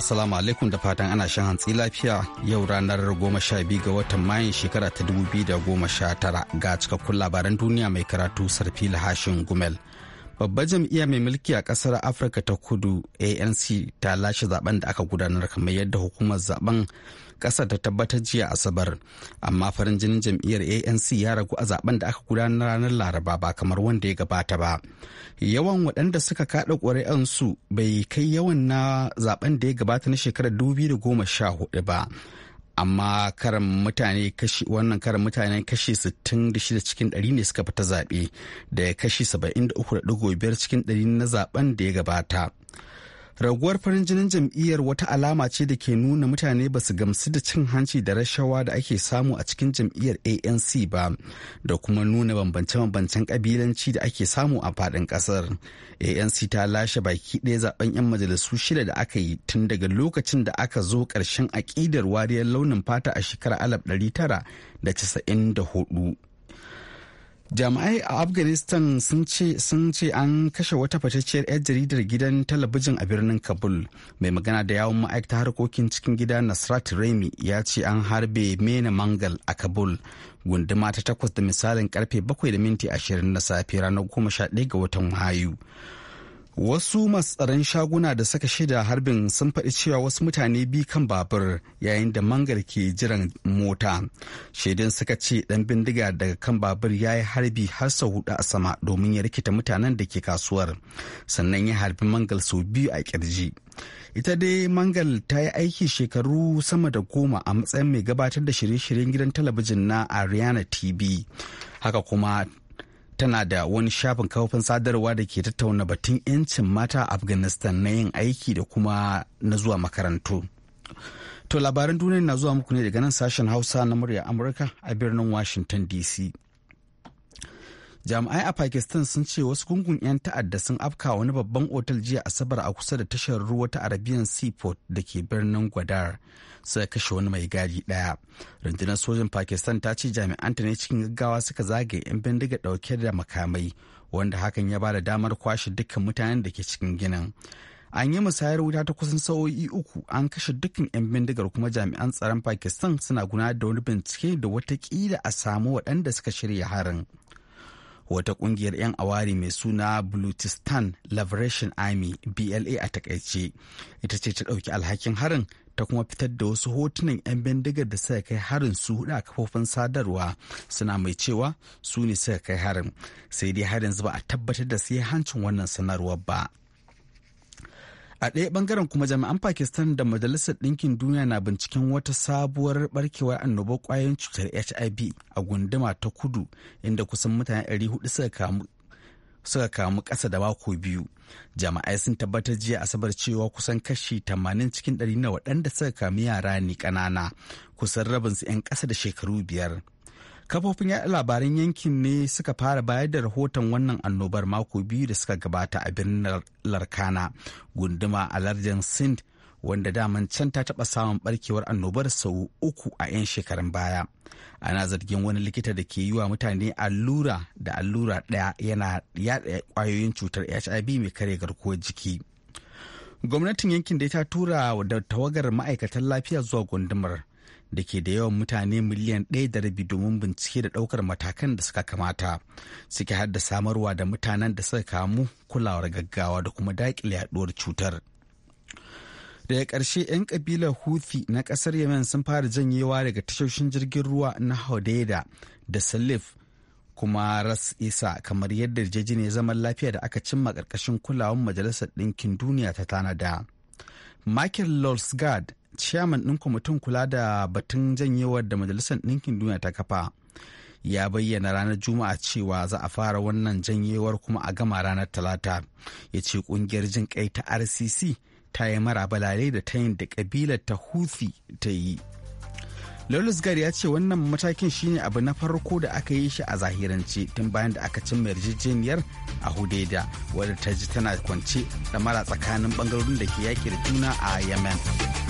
Assalamu alaikum da fatan ana shan hantsi lafiya yau ranar goma sha biyu ga watan mayun shekara ta dubu biyu da goma sha tara ga cikakkun labaran duniya mai karatu sarfi lahashin gumel babbar jam'iyya mai mulki a kasar afirka ta kudu anc ta lashe zaben da aka gudanar kamar yadda hukumar zaben ƙasa ta tabbatar jiya asabar amma farin jinin jam'iyyar anc ya ragu a zaben da aka gudanar ranar laraba ba kamar wanda ya gabata ba yawan waɗanda suka kaɗa ƙuri'an su bai kai yawan na zaben da ya gabata na shekarar 2014 ba amma karan mutane kashi wannan karan mutane kashi 66 cikin 100 ne suka fita zaɓe da kashi 73.5 cikin 100 na zaben da ya gabata raguwar farin jinin jam'iyyar wata alama ce da ke nuna mutane ba su gamsu da cin hanci da rashawa da ake samu a cikin jam'iyyar anc ba da kuma nuna bambance-bambancen kabilanci da ake samu a faɗin ƙasar anc ta lashe baki ɗaya zaben 'yan majalisu shida da aka yi tun daga lokacin da aka zo ƙarshen aƙidar wariyar launin fata a shekarar hudu. jami'ai a afghanistan sun ce an kashe wata fatacciyar 'yar jaridar gidan talabijin a birnin kabul mai magana da yawon ma'aikata harkokin cikin gida nasrat remi ya ce an harbe mena mangal a kabul gunduma ta takwas da misalin karfe 7 da minti 20 na safe ranar 11 ga watan mayu Wasu masu shaguna da saka shida harbin sun faɗi cewa wasu mutane biyu kan babur yayin da mangal ke jiran mota. Shaidun suka ce ɗan bindiga daga kan babur ya yi harbi har sau hudu a sama domin ya rikita mutanen da ke kasuwar. Sannan ya harbi mangal sau biyu a kirji. Ita dai mangal ta yi aiki shekaru sama da goma a matsayin mai gabatar da shirye-shiryen gidan talabijin na Ariana TV. Haka kuma tana da wani shafin kafofin sadarwa da ke tattauna batun 'yancin mata a afghanistan na yin aiki da kuma na zuwa makarantu to labaran duniya na zuwa muku ne daga nan sashen hausa na murya amurka a birnin washington dc jami'ai a pakistan sun ce wasu gungun 'yan ta'adda sun afka wani babban otal jiya asabar a kusa da tashar ruwa ta arabian seaport da ke birnin gwadar suka kashe wani mai gadi ɗaya. Rundunar sojin Pakistan ta ce jami'anta ne cikin gaggawa suka zage 'yan bindiga ɗauke da makamai wanda hakan ya bada damar kwashe dukkan mutanen da ke cikin ginin. An yi musayar wuta ta kusan sa'o'i uku an kashe dukkan 'yan bindigar kuma jami'an tsaron Pakistan suna gudanar da wani bincike da watakila a samu waɗanda suka shirya harin. wata kungiyar 'yan awari mai suna Blutistan Liberation Army BLA a takaice ita ce ta ɗauki alhakin harin ta kuma fitar da wasu hotunan 'yan bindigar da suka kai harin su hudu a kafofin sadarwa suna mai cewa su ne suka kai harin sai dai harin yanzu ba a tabbatar da sai hancin wannan sanarwar ba a ɗaya bangaren kuma jami'an pakistan da majalisar ɗinkin duniya na binciken wata sabuwar barkewar annobar kwayoyin cutar hiv a gunduma ta kudu inda kusan mutane 400 suka kamu suka kamu ƙasa da mako biyu jama'ai sun tabbatar jiya asabar cewa kusan kashi tamanin cikin 100 na waɗanda suka kamu yara ne ƙanana kusan rabin su 'yan ƙasa da shekaru biyar kafofin yaɗa labaran yankin ne suka fara bayar da rahoton wannan annobar mako biyu da suka gabata a birnin larkana gunduma a lardin sind wanda daman can ta taɓa samun barkewar annobar sau uku a 'yan shekarun baya ana zargin wani likita da ke yi wa mutane allura da allura ɗaya yana yaɗa ƙwayoyin cutar hiv mai kare garkuwar jiki gwamnatin yankin da ta tura da tawagar ma'aikatan lafiya zuwa gundumar da ke da yawan mutane miliyan ɗaya da rabi domin bincike da ɗaukar matakan da suka kamata suke haddasa samarwa da mutanen da suka kamu kulawar gaggawa da kuma daƙile yaɗuwar cutar daga karshe 'yan ƙabilar houthi na ƙasar yemen sun fara janyewa daga tashoshin jirgin ruwa na hodeida da salif kuma ras isa kamar yadda ya zaman lafiya da aka cimma ƙarƙashin kulawan majalisar ɗinkin duniya ta tanada michael lolsgaard chairman ɗin kwamitin kula da batun janyewar da majalisar ɗinkin duniya ta kafa ya bayyana ranar juma'a cewa za a fara wannan janyewar kuma a gama ranar talata ya ce ƙungiyar jin kai ta rcc ta yi mara balale da ta yin da kabilar ta huthi ta yi Lulusgar ya ce wannan matakin shine abu na farko da aka yi shi a zahirance tun bayan da aka cimma yarjejeniyar a Hudaida wadda ta ji tana kwance da mara tsakanin bangarorin da ke yaƙi da juna a Yemen.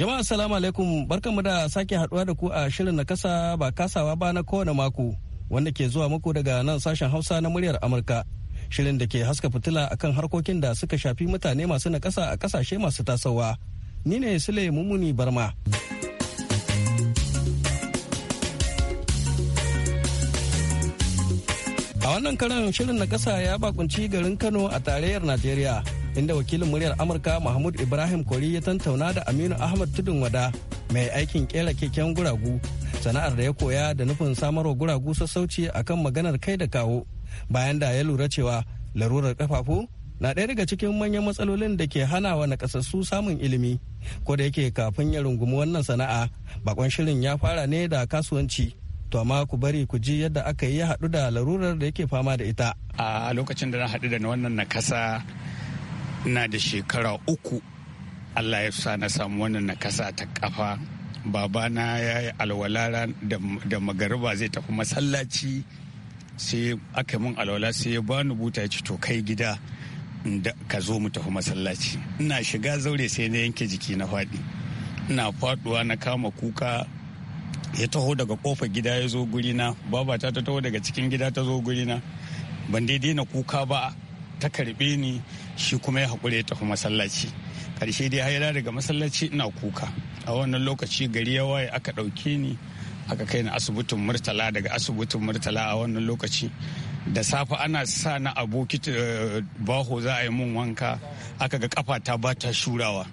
Jama'a salamu alaikum barkanmu da sake haduwa da ku a shirin na kasa ba kasawa ba na kowane mako wanda ke zuwa muku daga nan sashen Hausa na muryar Amurka. Shirin da ke haska fitila akan harkokin da suka shafi mutane masu na kasa a kasashe masu tasowa. Ni ne Sule Mumuni Barma. A wannan karan shirin na kasa ya bakunci garin Kano a tarayyar Najeriya. inda wakilin muryar amurka mahmud ibrahim kori ya tantauna da aminu ahmad tudun wada mai aikin kera keken guragu sana'ar da ya koya da nufin samarwa guragu sassauci a kan maganar kai da kawo bayan da ya lura cewa larurar kafafu na ɗaya daga cikin manyan matsalolin da ke hana wa nakasassu samun ilimi ko da yake kafin ya rungumi wannan sana'a bakon shirin ya fara ne da kasuwanci to amma ku bari ku ji yadda aka yi ya haɗu da larurar da yake fama da ita a lokacin da na haɗu da wannan nakasa na da shekara uku allah ya sa na samu wannan nakasa ta kafa babana ya yi alwala da magariba zai tafi masallaci sai aka min alwala sai ya bani buta ya to kai gida ka zo mu tafi masallaci ina shiga zaure sai na yanke jiki na faɗi ina faduwa na kama kuka ya taho daga kofa gida ya zo gurina babata ta taho daga cikin gida ta zo gurina ban daidai na kuka ba ta karbe ni shi kuma ya haƙura ya tafi masallaci ƙarshe dai haira daga masallaci ina kuka a wannan lokaci gari ya waye aka ɗauke ni aka kai ni asibitin murtala daga asibitin murtala a wannan lokaci da safe ana sa na aboki eh, baho za a yi mun wanka aka ga kafa ta ba ta shurawa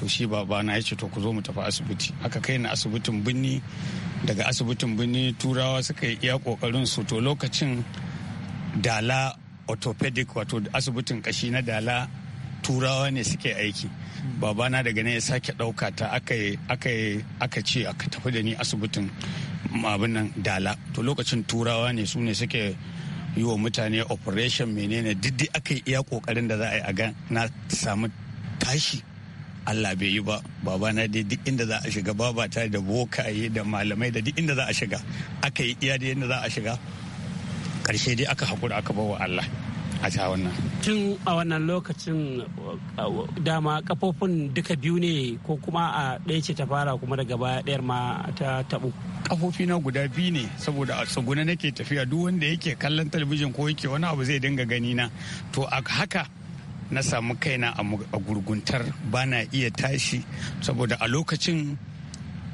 to shi baba na ya ce to ku zo mu tafi asibiti aka kai ni asibitin birni daga asibitin birni turawa suka yi iya kokarin su to lokacin dala orthopedic wato asibitin kashi na dala turawa ne suke aiki babana daga ne ya sake ɗauka ta aka ce aka tafi da ni asibitin abin nan dala to lokacin turawa ne su ne suke yi wa mutane operation menene diddi aka yi iya kokarin da za a yi a ga na samu tashi Allah bai yi ba babana dai duk inda za a shiga babata da bokaye da malamai da duk inda za a shiga aka yi iya da yadda za a shiga karshe dai aka hakura aka bawa Allah a ta wannan. Tun a wannan lokacin uh, uh, dama kafofin duka biyu ne ko kuma a ɗaya ce ta fara kuma daga baya ɗayar ma ta taɓu. Kafofi na guda biyu ne saboda a tsuguna nake tafiya duk wanda yake kallon talabijin ko yake wani abu zai dinga gani na. To a haka na samu kaina a gurguntar bana iya tashi saboda a lokacin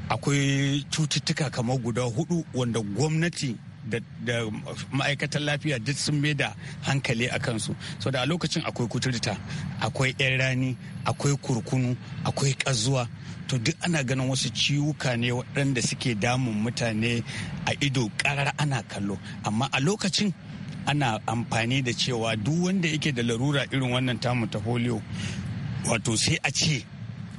akwai cututtuka kamar guda hudu wanda gwamnati da ma'aikatan lafiya duk sun mai da hankali a kansu so da a lokacin akwai kuturta akwai yan rani akwai kurkunu akwai ƙazuwa to duk ana ganin wasu ciwuka ne waɗanda suke damun mutane a ido ƙarar ana kallo amma a lokacin ana amfani da cewa duk wanda yake da larura irin wannan tamu ta folio wato sai a ce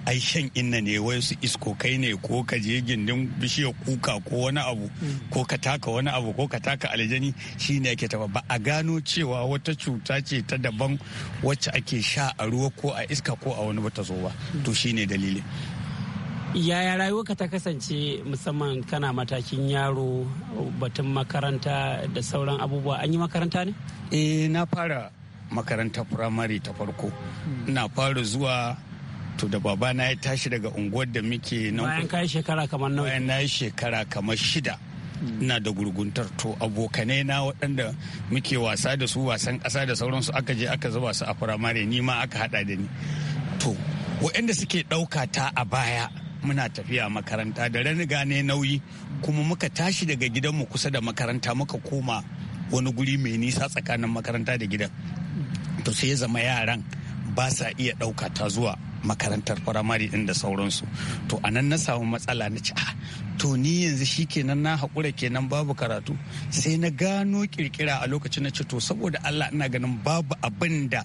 ai shan inna ne wai su iskokai ne ko ka je gindin bishiyar kuka ko wani abu ko ka taka wani abu ko ka taka aljani shine ake taba ba a gano cewa wata cuta ce ta daban wacce ake sha a ruwa ko a iska ko a wani bata zo ba to shine dalilin yaya rayuwarka ta kasance musamman kana matakin yaro batun makaranta da sauran abubuwa an yi makaranta ne? Eh, na fara makarantar firamare ta farko na fara zuwa to da babana ya tashi daga unguwar da muke nan bayan kai shekara kamar nawa bayan na shekara kamar shida ina da gurguntar to abokanai na waɗanda muke wasa da su wasan ƙasa da sauransu aka je aka zuba su a firamare ni ma aka haɗa da ni to waɗanda suke ɗauka ta a baya muna tafiya makaranta da rani gane nauyi kuma muka tashi daga gidanmu kusa da makaranta muka koma wani guri mai nisa tsakanin makaranta da gidan to sai ya zama yaran ba sa iya ɗauka ta zuwa makarantar firamare din da sauransu to a nan na samu matsala na ci ah, to ni yanzu shi kenan na haƙura kenan babu karatu sai na gano kirkira a lokacin na ce to saboda allah ina ganin babu abin da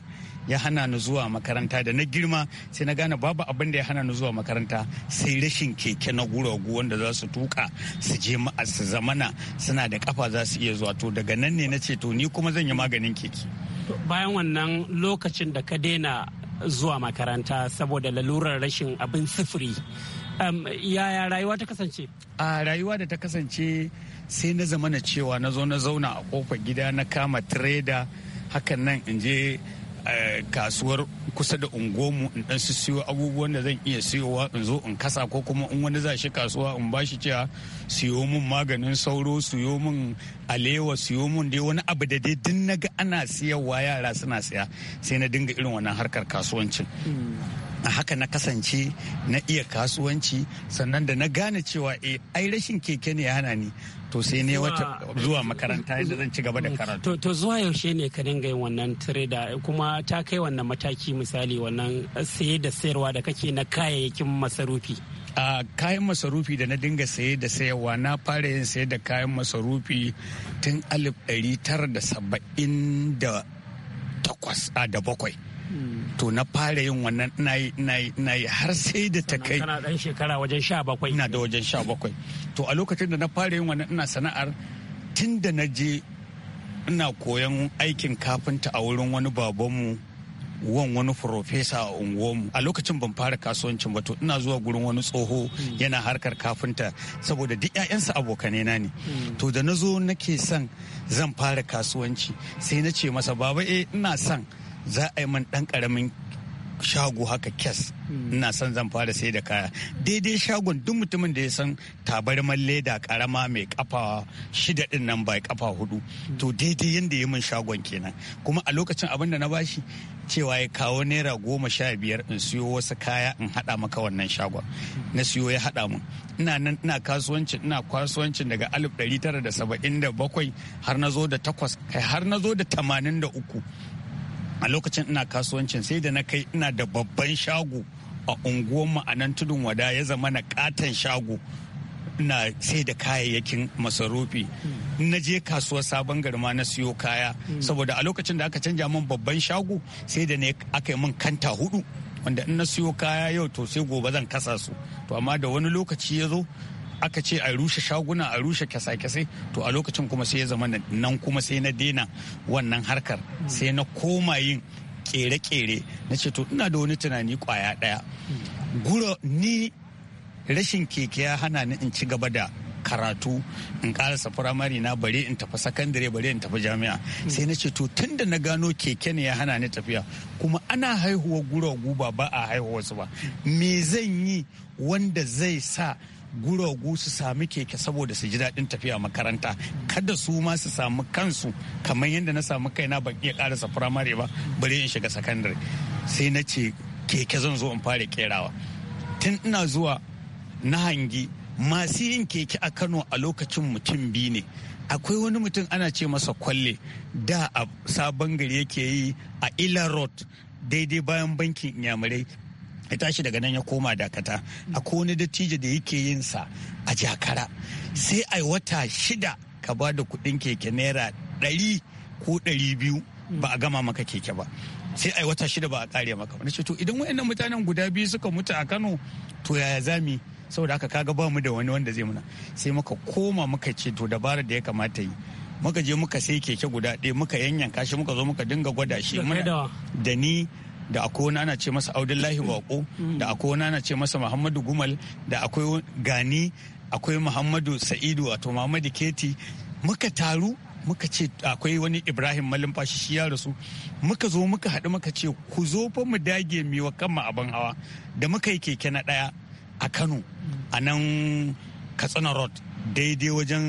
ya hana ni zuwa makaranta da na girma sai na gane babu abin da ya hana ni zuwa makaranta sai rashin keke na guragu wanda za su tuka su je su zamana suna da kafa za su iya zuwa to daga nan ne na ce to ni kuma zan yi maganin keke bayan wannan lokacin da ka daina zuwa makaranta saboda lalurar rashin abin sufuri um, yaya rayuwa ta kasance a rayuwa da ta kasance sai na zama na cewa na zo na zauna a kofar gida na kama treda hakan nan in je eh, kasuwar kusa da ungomu in dan siyo abubuwan da zan iya siyowa in zo in kasa ko kuma in wani za shi kasuwa in ba shi cewa siyo min maganin sauro siyo min alewa siyo min dai wani abu da dai din naga ana siyarwa yara suna siya sai na dinga irin wannan harkar kasuwancin a haka na kasance na iya kasuwanci sannan da na gane cewa eh ai rashin keke ne ya hana ni to sai ne wata zuwa makaranta yadda zan ci gaba da karatu to zuwa yaushe ne ka dinga yin wannan tireda kuma ta kai wannan mataki misali wannan saye da sayarwa da kake na kayayyakin masarufi a kayan masarufi da na dinga saye da sayarwa na fara yin saye da kayan masarufi tun alif ɗari tara da saba'in da takwas a da bakwai to na fara yin wannan na yi har sai da ta kai kana dan shekara wajen sha bakwai ina da wajen sha bakwai to a lokacin da na fara yin wannan ina sana'ar tun da na je ina koyon aikin kafinta a wurin wani babanmu wan wani profesa a unguwarmu a lokacin ban fara kasuwancin ba to ina zuwa gurin wani tsoho hmm. yana harkar kafinta saboda duk 'ya'yansa abokanai na ne hmm. to da na zo nake son zan fara kasuwanci sai na ce masa baba eh ina son za a yi man ɗan ƙaramin shago haka kes hmm. ina son zan fara sai da kaya daidai shagon duk mutumin da ya san tabarman leda karama mai kafa shida din nan bai kafa hudu hmm. to daidai yadda ya min shagon kenan kuma a lokacin abin da na bashi cewa ya kawo naira goma sha biyar in siyo wasu kaya in hada maka wannan shagon hmm. na siyo ya hada mun ina nan ina kasuwancin ina kasuwancin daga alif ɗari tara da saba'in da bakwai har na zo da takwas kai har na zo da tamanin da uku a lokacin ina kasuwancin sai da na kai ina da babban shago a unguwanmu a nan tudun wada ya zama na katon shago na sai da kayayyakin masarufi na je kasuwar sabon garma na siyo kaya saboda a lokacin da aka canja min babban shago sai da ne aka yi min kanta hudu wanda in na siyo kaya yau to sai gobe zan kasa su to amma da wani lokaci ya zo aka ce a rushe shaguna a rushe kyasa-kyasai to a lokacin kuma sai ya zama nan kuma sai na dena wannan harkar sai na koma yin kere-kere na ce to ina da wani tunani kwaya daya guro ni rashin keke ya hana ni in ci gaba da karatu in karasa firamare na bare in tafi sakandare bare in tafi jami'a sai na ce to tun da na gano keke ne ya hana ni tafiya kuma ana haihuwa guro guba ba a haihuwa su ba me zan yi wanda zai sa guragu su sami keke saboda su ji daɗin tafiya makaranta kada su ma su samu kansu kamar yadda na samu kaina ban iya karasa firamare ba bari in shiga sakandare sai na ce keke zan zo in fara kerawa tun ina zuwa na hangi masu yin keke a kano a lokacin mutum biyu ne akwai wani mutum ana ce masa kwalle da a sabon gari yake yi a ila road daidai bayan bankin inyamurai ya tashi daga nan ya koma dakata akwai wani dattijo da yake yin sa a jakara sai a wata shida ka ba da kuɗin keke naira ɗari ko ɗari biyu ba a gama maka keke ba sai a wata shida ba a kare maka ba to idan wayannan mutanen guda biyu suka mutu a Kano to yaya zami saboda haka kaga ba mu da wani wanda zai muna sai muka koma muka ce to dabarar da ya kamata yi muka je muka sai keke guda ɗaya muka yanyanka shi muka zo muka dinga gwada shi da ni da akwai wani ana ce masa audullahi wako mm. da akwai wani ana ce masa muhammadu gumal da akwai gani akwai muhammadu sa'idu wato muhammadu keti muka taru muka ce akwai wani ibrahim malumfashi shi ya rasu muka zo muka haɗu muka ce ku zo fa mu dage wa kanmu abin hawa da muka yi keke na ɗaya a kano mm. a nan katsina road daidai wajen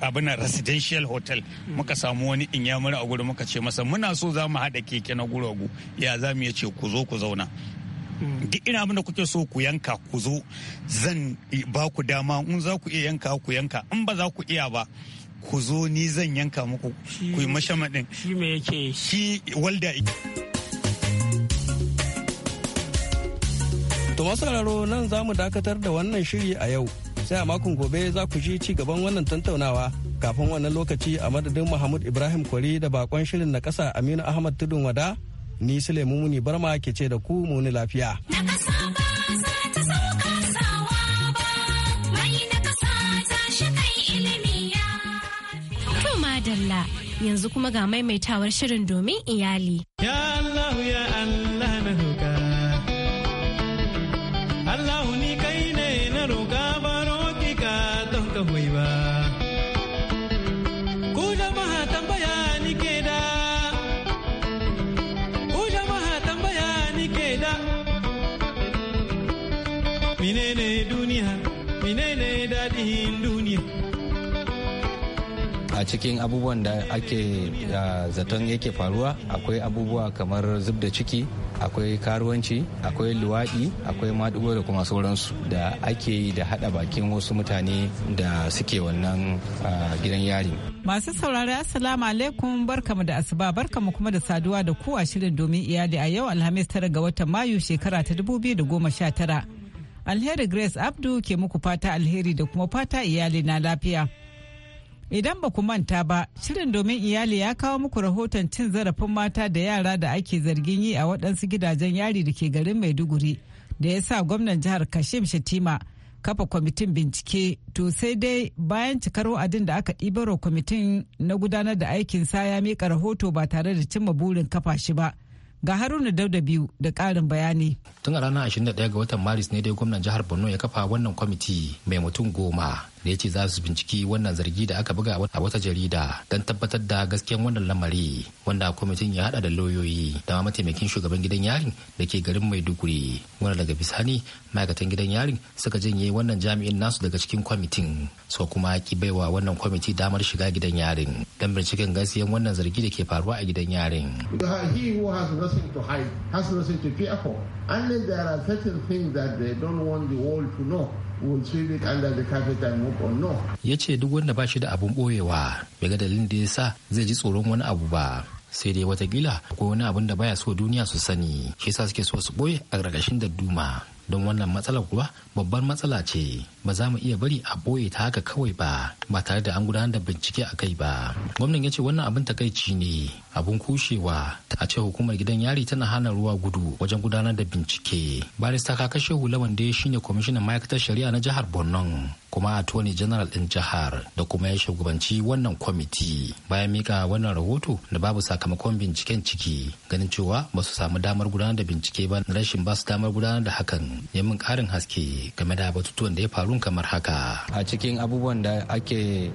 abin residential hotel muka samu wani inyamuri a gudu muka ce masa muna so za mu haɗa keke na guragu ya za mu ce ku zo ku zauna duk ina abin da kuke so ku yanka ku zo zan ba ku dama in za ku iya yanka ku yanka in ba za ku iya ba ku zo ni zan yanka muku ku yi mashamaɗin shi me yake shi walda To masu nan za mu dakatar da wannan shiri a yau sai a makon gobe za ku ji ci gaban wannan tantaunawa kafin wannan lokaci a madadin mahmud ibrahim kwari da bakon shirin na kasa aminu ahmad tudun wada ni sule muni barma ke ce da ku muni lafiya Dalla yanzu kuma ga maimaitawar shirin domin iyali. Ya Allah ya Allah na menene daɗin duniya a cikin abubuwan da ake zaton yake faruwa akwai abubuwa kamar zub da ciki akwai karuwanci akwai luwaɗi akwai maɗugo da kuma sauransu da ake yi da haɗa bakin wasu mutane da suke wannan gidan yari masu saurari assalamu alaikum barkamu da asuba barkamu kuma da saduwa da kowa shirin domin iyali a yau alhamis tara ga watan mayu shekara ta 2019 Alheri Grace Abdu ke muku fata alheri da kuma fata iyali na lafiya. Idan ba ku manta ba, shirin domin iyali ya kawo muku rahoton cin zarafin mata da yara da ake zargin yi a waɗansu gidajen yari da ke garin Maiduguri da ya sa gwamnan jihar Kashim Shatima kafa kwamitin bincike to sai dai bayan cikar wa'adin da aka ɗibarwa kwamitin na gudanar da aikin sa ya miƙa rahoto ba tare da cimma burin kafa shi ba. Ga Haruna Dauda biyu da ƙarin bayani. Tun a ranar 21 ga watan Maris ne dai gwamnan jihar Borno ya kafa wannan kwamiti mai mutum goma da ya ce za su binciki wannan zargi da aka buga a wata jarida don tabbatar da gaskiyan wannan lamari wanda kwamitin ya hada da lauyoyi da mataimakin shugaban gidan yarin da ke garin maiduguri wani daga bisani ma'aikatan gidan yarin suka janye wannan jami'in nasu daga cikin kwamitin suka kuma ki baiwa wannan kwamiti damar shiga gidan yarin don binciken gaskiyan wannan zargi da ke faruwa a gidan yarin. He to there are certain things that they don't want the world to know ya ce duk wanda ba shi da abun boyewa bai ga dalilin da ya sa zai ji tsoron wani abu ba sai dai watakila akwai wani abun da baya so duniya su sani shi sa suke so su boye a gargashin da duma don wannan matsalar kuwa babbar matsala ce ba za mu iya bari a boye ta haka kawai ba ba tare da an gudanar da bincike a kai ba gwamnan ya ce wannan abin takaici ne abun kushewa a ce hukumar gidan yari tana hana ruwa gudu wajen gudanar da bincike barista kakashe hulawan da ya shine kwamishinan ma'aikatar shari'a na jihar borno kuma a tuwani general din jihar da kuma ya shugabanci wannan kwamiti bayan mika wannan rahoto da babu sakamakon binciken ciki ganin cewa ba su samu damar gudanar da bincike ba rashin ba su damar gudanar da hakan ya min karin haske game da batutuwan da ya faru kamar haka a cikin abubuwan da ake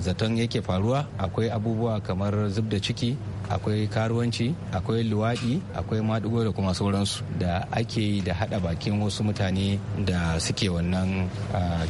zaton yake faruwa akwai abubuwa kamar zub da ciki akwai karuwanci akwai luwaɗi akwai maɗigo da kuma sauransu da ake yi da haɗa bakin wasu mutane da suke wannan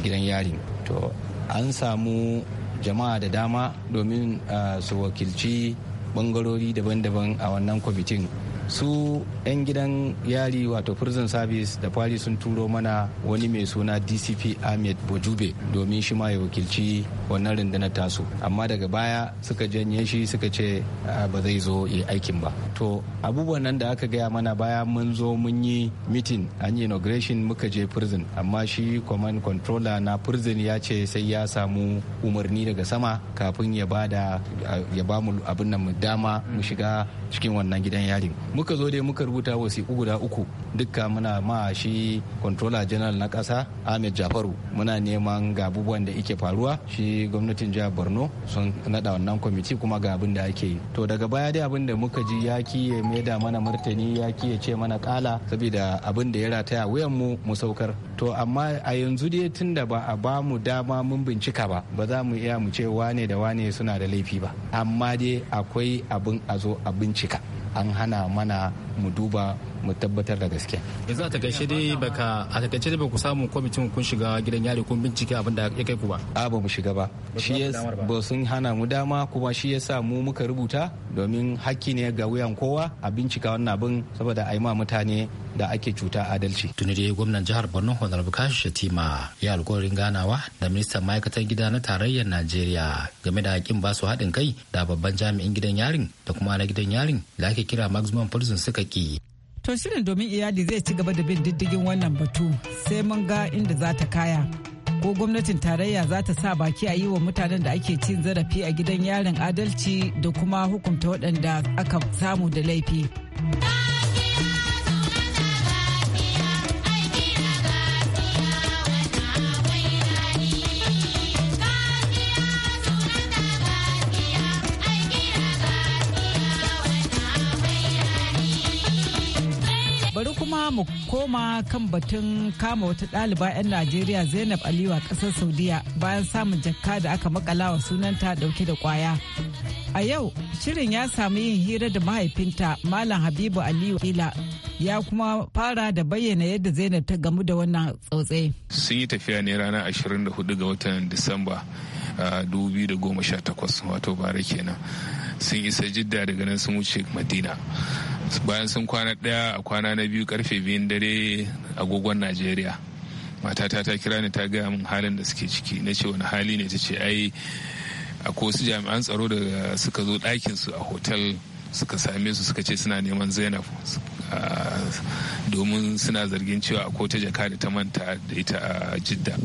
gidan yari to an samu jama'a da dama domin su wakilci bangarori daban-daban a wannan kwamitin su 'yan gidan yari wato prison service da fari sun turo mana wani mai suna dcp ahmed bojube domin shi ma ya wakilci wannan rundunar tasu amma daga baya suka janye shi suka ce ba zai zo ya aikin ba to abubuwan nan da aka gaya mana baya mun zo mun yi mitin an yi inauguration muka je prison amma shi command controller na prison ya ce sai ya samu umarni daga sama kafin ya ba mu abin nan mu dama mu shiga cikin wannan gidan yarin muka zo dai muka rubuta wasiƙu guda uku dukka muna ma shi controller general na ƙasa ahmed jafaru muna neman ga abubuwan da ike faruwa shi gwamnatin jihar borno sun naɗa wannan kwamiti kuma ga abin da ake yi to daga baya dai abin da muka ji ya ki ya maida mana martani ya kiye ce mana kala saboda abin da ya rataya wuyan mu mu saukar to amma a yanzu dai tunda ba a ba mu dama mun bincika ba ba za mu iya mu ce wane da wane suna da laifi ba amma dai akwai abin a zo a bincika an hana mana mu duba mu tabbatar da gaske. yanzu a takaice dai baka a takaice dai baku samu kwamitin kun shiga gidan yari kun bincike abin da ya kai ku ba. a ba mu shiga ba shi ba sun hana mu dama kuma shi ya sa mu muka rubuta domin hakki ne ga wuyan kowa a bincika wannan abin saboda a yi ma mutane da ake cuta adalci. Tuni dai gwamnan jihar Borno Honorable Kashi Shatima ya alkawarin ganawa da ministan ma'aikatan gida na tarayyar Najeriya game da hakin basu haɗin kai da babban jami'in gidan yarin da kuma na gidan yarin da ake kira maximum prison suka ki. To shirin domin iyali zai ci gaba da bin diddigin wannan batu sai mun ga inda za ta kaya. Ko gwamnatin tarayya za ta sa baki a yi wa mutanen da ake cin zarafi a gidan yarin adalci da kuma hukunta waɗanda aka samu da laifi. mu koma kan batun kama wata ɗaliba 'yan Najeriya Zainab Aliyu a ƙasar Saudiya bayan samun jakka da aka makala wa sunanta ɗauke da ƙwaya. A yau, shirin ya sami yin hira da mahaifinta Malam Habibu Aliyu Kila ya kuma fara da bayyana yadda Zainab ta gamu da wannan tsautse. Sun yi tafiya ne ranar 24 ga watan Disamba 2018 wato bara kenan. Sun isa jidda daga nan sun wuce Madina. bayan sun kwana ɗaya a kwana na biyu karfe biyun dare agogon najeriya matata ta kira ni ta gaya min halin da suke ciki na ce wani hali ne ta ce ai akwai wasu jami'an tsaro da suka zo su a hotel suka same su suka ce suna neman zainab domin suna zargin cewa akwai ta jaka da ta manta da ita a jidda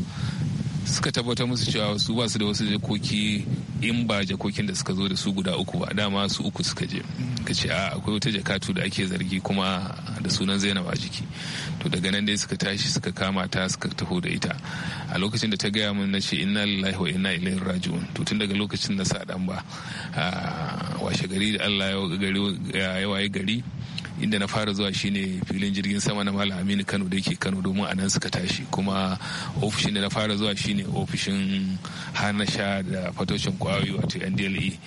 suka tabbatar musu cewa su ba su da wasu jakoki in ba jakokin da suka zo da su guda uku ba dama su uku suka je ka ce a akwai wata jakatu da ake zargi kuma da sunan zainab a jiki to daga nan dai suka tashi suka kama ta suka taho da ita a lokacin da ta gaya min na ce inna lillahi wa inna ilaihi raji'un to tun daga lokacin na sa dan ba ah, washe gari da Allah ya waye gari inda na fara zuwa shine filin jirgin sama na malam aminu kano da yake kano domin a nan suka tashi kuma ofishin da na fara zuwa shine ofishin hana da fatocin kwayoyi wato ndle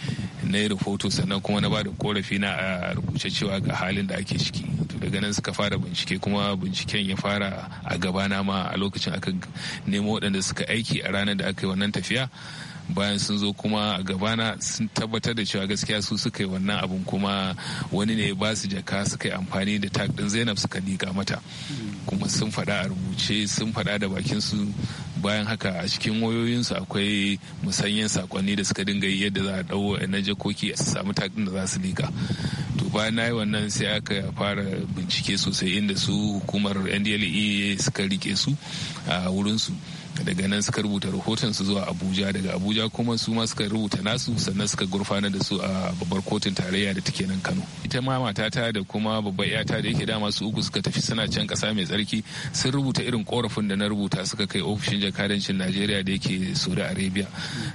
na yi rahoto sannan kuma na ba da korafi na a rubuce cewa ga halin da ake ciki daga nan suka fara bincike kuma binciken ya fara a gabana ma a lokacin aka nemo waɗanda suka aiki a ranar da aka yi wannan tafiya bayan sun zo kuma a gabana sun tabbatar da cewa gaskiya su suka yi wannan abun kuma wani ne ba su jaka suka yi amfani da tag din zainab suka liƙa mata kuma sun faɗa a rubuce sun faɗa da bakin su bayan haka a cikin wayoyin su akwai musanyen sakonni da suka dinga yi yadda za a ɗau na jakoki su samu tag din da za su liƙa to bayan na yi wannan sai aka fara bincike sosai inda su hukumar ndle suka rike su a wurin su daga nan suka rubuta rahoton su zuwa abuja daga abuja kuma su ma suka rubuta nasu sannan suka gurfana da su a babbar kotun tarayya da take nan kano ita ma matata da kuma babbar yata da yake dama su uku suka tafi suna can kasa mai tsarki sun rubuta irin korafin da na rubuta suka kai ofishin jakadancin najeriya da yake saudi arabia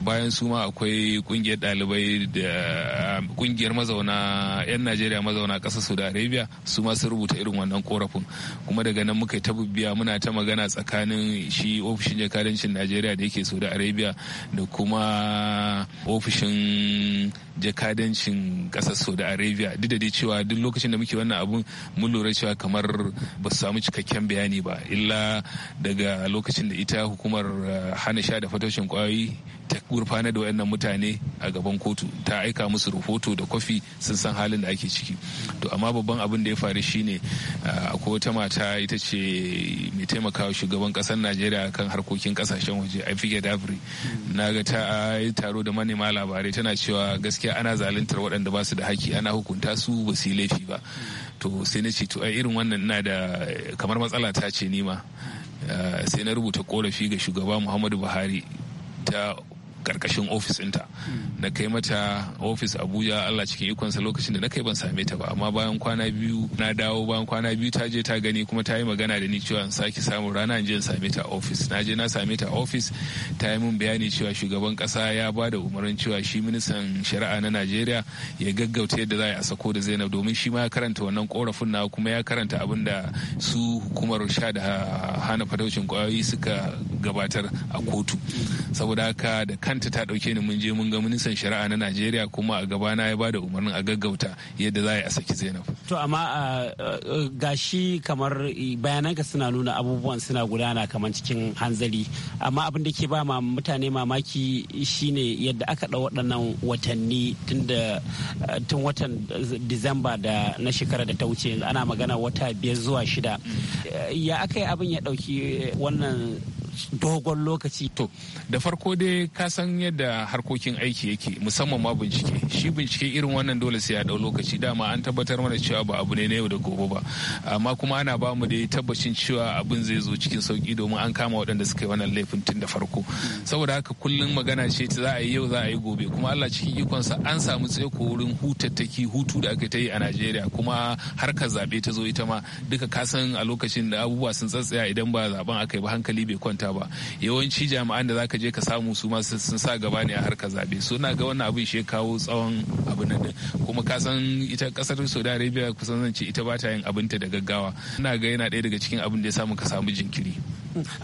bayan su ma akwai kungiyar dalibai da kungiyar mazauna 'yan najeriya mazauna kasa saudi arabia su ma sun rubuta irin wannan korafin kuma daga nan muka yi ta muna ta magana tsakanin shi ofishin jakadancin najeriya da yake saudi arabia da kuma ofishin jakadancin kasar saudi arabia duk da dai cewa duk lokacin da muke wannan abun mun lura cewa kamar ba su samu cikakken bayani ba illa daga lokacin da ita hukumar eh, hana sha da fatoshin kwayoyi gurfana da wayannan mutane a gaban kotu ta aika musu rahoto da kwafi sun san halin da ake ciki to amma babban abin da ya faru shine akwai wata mata ita ce mai taimakawa shugaban kasar najeriya kan harkokin kasashen waje afirka dabri na ga ta yi taro da manema labarai tana cewa gaskiya ana zaluntar waɗanda ba su da haƙƙi ana hukunta su ba su yi laifi ba to sai na ce to irin wannan ina da kamar matsala ta ce nima sai na rubuta korafi ga shugaba muhammadu buhari ta karkashin ofis ɗinta na kai mata ofis abuja allah cikin ikonsa lokacin da na kai ban same ta ba amma bayan kwana biyu na dawo bayan kwana biyu ta je ta gani kuma ta yi magana da ni cewa in sake samun rana je in same ta ofis na je na same ta ofis ta yi min bayani cewa shugaban kasa ya ba da umarnin cewa shi ministan shari'a na najeriya ya gaggauta yadda za a sako da zainab domin shi ma ya karanta wannan korafin na kuma ya karanta abin da su hukumar sha da hana fataucin kwayoyi suka gabatar a kotu saboda haka da kan kanta ta dauke ni mun je mun ga ministan shari'a na Najeriya kuma a gabana ya bada umarnin a gaggauta yadda za a yi a saki Zainab. To amma uh, uh, gashi kamar bayananka suna nuna abubuwan suna gudana kamar cikin hanzari amma abin da ke ba ma mutane mamaki shine yadda aka ɗau waɗannan watanni tun da uh, tun watan Disamba da na shekara da ta wuce ana magana wata biyar zuwa shida mm. ya aka yi abin ya ɗauki wannan dogon lokaci. To, da farko dai ka san yadda harkokin aiki yake musamman ma bincike. Shi bincike irin wannan dole sai ya dau lokaci dama an tabbatar mana cewa ba abu ne na yau da gobe ba. Amma kuma ana ba mu dai tabbacin cewa abin zai zo cikin sauki domin an kama waɗanda suka yi wannan laifin tun da farko. Saboda haka kullum magana ce za a yi yau za a yi gobe kuma Allah cikin ikonsa an samu tsaiko wurin hutattaki hutu da aka ta yi a Najeriya kuma harkar zaɓe ta zo ita ma duka kasan a lokacin da abubuwa sun tsatsaya idan ba zaben aka yi ba hankali bai kwanta ta ba yawanci jami'an da zaka je ka samu su ma sun sa gaba ne a harkar zabe su na ga wannan abin shi kawo tsawon na nan kuma ka san ita kasar Saudi Arabia kusan zan ita ba ta yin abinta da gaggawa ina ga yana ɗaya daga cikin abin da ya samu ka samu jinkiri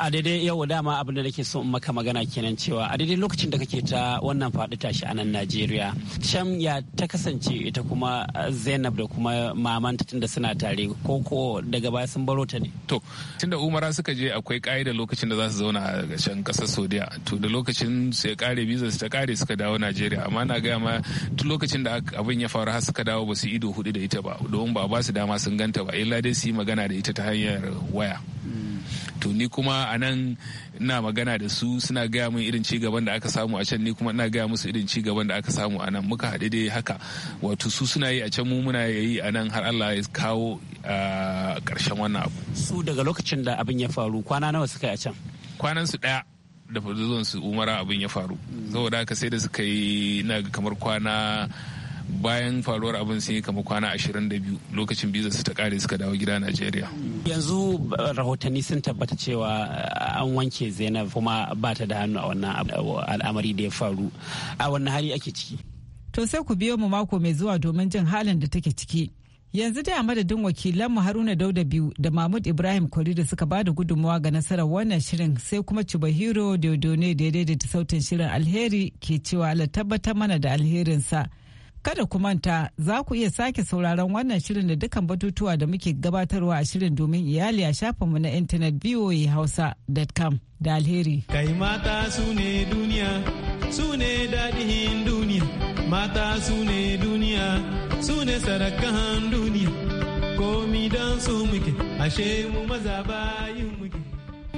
a daidai yau dama abin da nake so in maka magana kenan cewa a daidai lokacin da kake ta wannan faɗi tashi a nan najeriya sham ya ta kasance ita kuma uh, zainab da kuma mamanta tunda suna tare ko ko daga baya sun baro ta ne to tunda umara suka je akwai ƙa'idar lokacin da za su zauna a can ƙasar saudiya to da lokacin su ya kare visa su ta kare suka dawo najeriya amma na gaya ma tun lokacin da abin ya faru har suka dawo ba su ido hudu da ita ba domin ba ba su dama sun ganta ba illa dai su yi magana da ita ta hanyar waya hmm. to ni kuma a nan na magana da su suna gaya min irin ci gaban da aka samu a can ni kuma ina gaya musu irin ci gaban da aka samu a nan muka haɗu dai haka wato su suna yi a can mu muna yi a nan har Allah ya kawo ƙarshen wannan abu su daga lokacin da abin ya faru kwana nawa suka yi a can kwanan su ɗaya da zuwan su umara abin ya faru mm. saboda haka sai da suka yi na kamar kwana bayan faruwar abin sun kama kwana 22 lokacin biza su ta kare suka dawo gida Najeriya. Yanzu eh, rahotanni sun tabbata cewa eh, an wanke Zainab kuma ba ta da hannu a wannan eh, al'amari da ya faru. A wannan hali ake ciki. To sai ku biyo mu mako mai zuwa domin jin halin da take ciki. Yanzu da madadin wakilanmu Haruna Dauda biyu da Mahmud Ibrahim Kwari da suka bada gudunmawa ga nasarar wannan shirin sai kuma Chubahiro daidai da ta sautin shirin alheri ke cewa Allah tabbatar mana da alherinsa. Kada ku manta za ku iya sake sauraron wannan shirin da dukkan batutuwa da muke gabatarwa a shirin domin iyali a shafinmu na intanet hausa.com da alheri. Kai mata su ne duniya, su ne daɗin duniya, mata su ne duniya, su ne sarakan duniya, komi don su muke, ashe mu maza bayin muke.